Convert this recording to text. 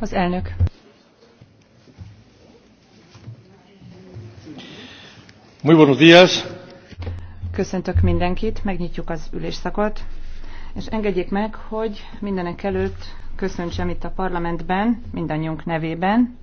Az elnök. Muy buenos días. Köszöntök mindenkit, megnyitjuk az ülésszakot, és engedjék meg, hogy mindenek előtt köszöntsem itt a parlamentben, mindannyiunk nevében,